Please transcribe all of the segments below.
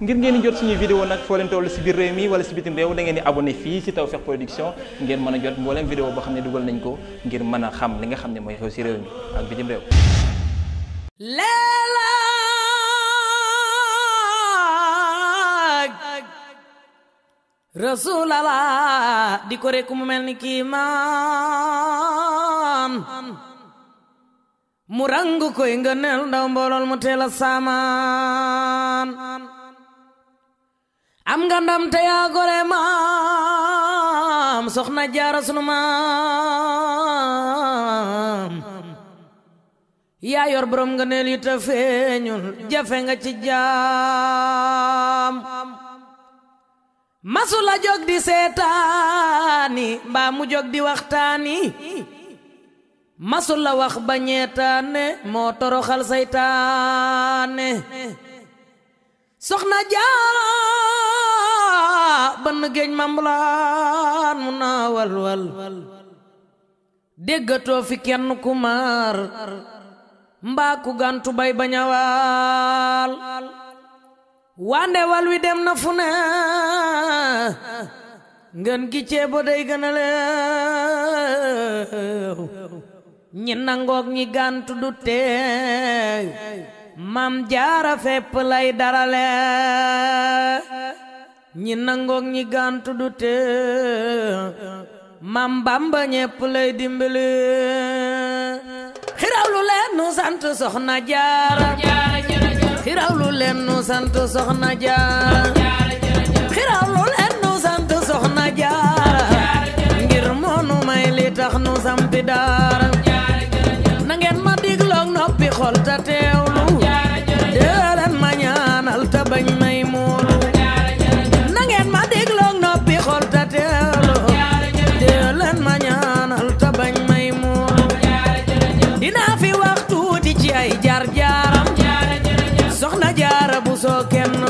ngir ngeen di jot suñuy vidéo nag foo leen si biir réew mi wala si bitim réew da ngeen di abonné fii si Tawfekh Production ngeen mën a jot mbooleem vidéo boo xam ne dugal nañ ko ngir mën a xam li nga xam ne mooy xew si réew mi ak bitim réew leelaag rasulallah di ko rekk mu mel ni kii maam mu rangu koy nga neel ndaw mboolool mu teel a am nga ndam te yaa gore maam soxna jaara sunu maam yaa yor borom nga neel feeñul jafe nga ci jaam masula jog di seetaani mbaa jog di waxtaani masula wax ba ñeetaane moo toroxal saytaane soxna jaara bann géej mambulaan mu naa walwal déggatoo fi kenn ku maar mbaa ku gàntu bay bañawaal wande wal wi dem na fu ne ngeen gi ceebo day gën a leew ñi nangoog ñi gàntu du teey mam jaara fepp lay darale ñi nangook ñi gàntu du tee mam bamba ñépp lay dimbali xirawlu leen nu sant soxna jaara xirawlu leen nu sant soxna jaara xirawlu leen nu sant soxna jaara ngir moonu may li tax nu sampi daara soo kenn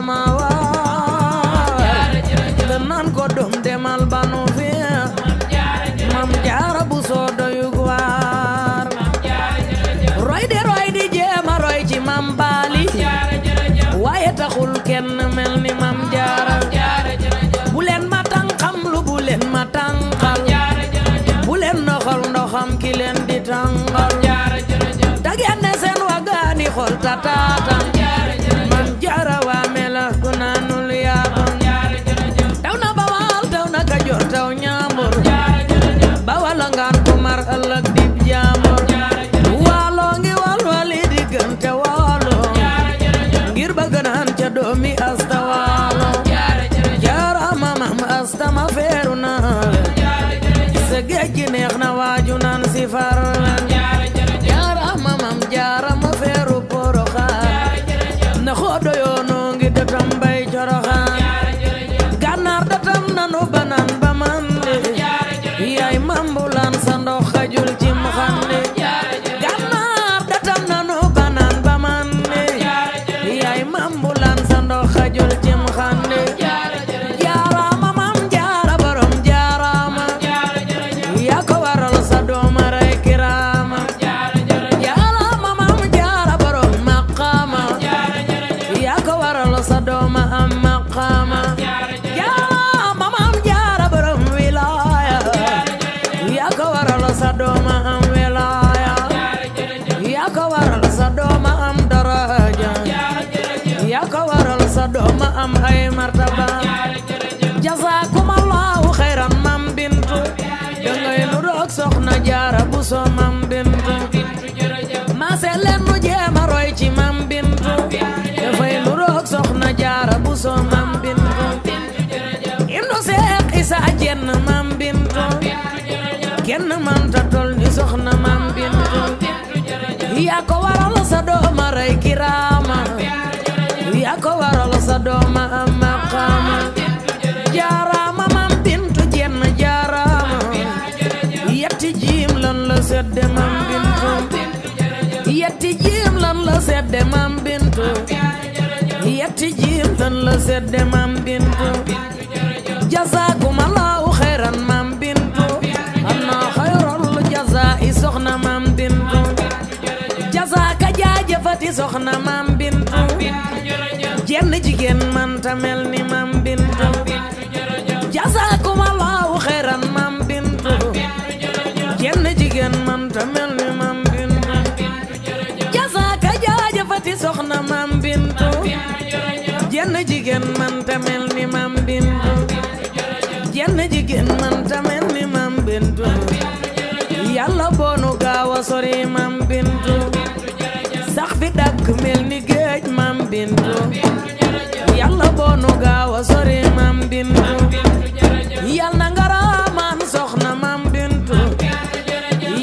damawa te naan ko doom demal banu fi mam jaara bu soo doyug roy de roy di jéema roy ci mam baali waaye taxul kenn mel ni mam jaara bu ma tànqam lu bu leen ma tànqal bu leen ndoxal ndoxam ki leen di tànqal dageen ne seen wagaani xol ta taatan far dooma mantatul ni soxna maam bintu yaa waral sa dooma rey kiraama waral sa dooma am maqaama jaaraama maam bintu jenn jaaraama yetti jiim la sedde maam bintu yetti jiim la sedde maam bintu yetti jiim soxna maam bintu jenn jigéen manta mel ni maam bintu jazaakumallaahu xeyran maam bintu jenn jigéen manta mel ni maam bintu jazaaka jaajëfati soxna maam bintu jenn jigéen manta mel ni maam bintu jenn jigéen manta mel ni maam bintu yàlla boonu gaawa sori maam doo sori mam bintu yal na nga raamaan soxna mam bintu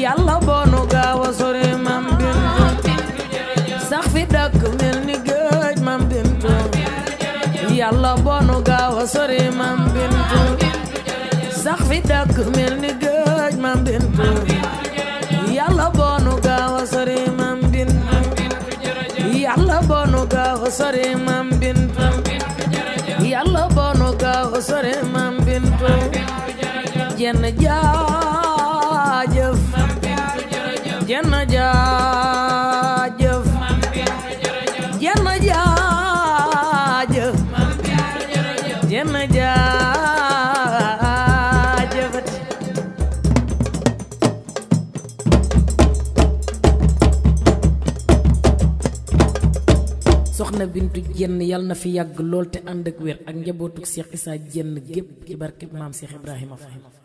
yàlla boonu gaaw a sori mam bintu sax fi dëkk mel ni géej mam bintu yàlla boonu gaaw a sori mam bintu sax fi dëkk mel ni géej mam bintu yàlla boonu gaaw a sori mam bintu yàlla boonu gaaw a sori mam jenn jaajëf jenn jaajëf jenn soxna bintu jenn yal na fi yàgg lool te ànd ak wér ak njabootu Cheikh Issa jenn gépp ci maam Cheikh Ibrahima Faye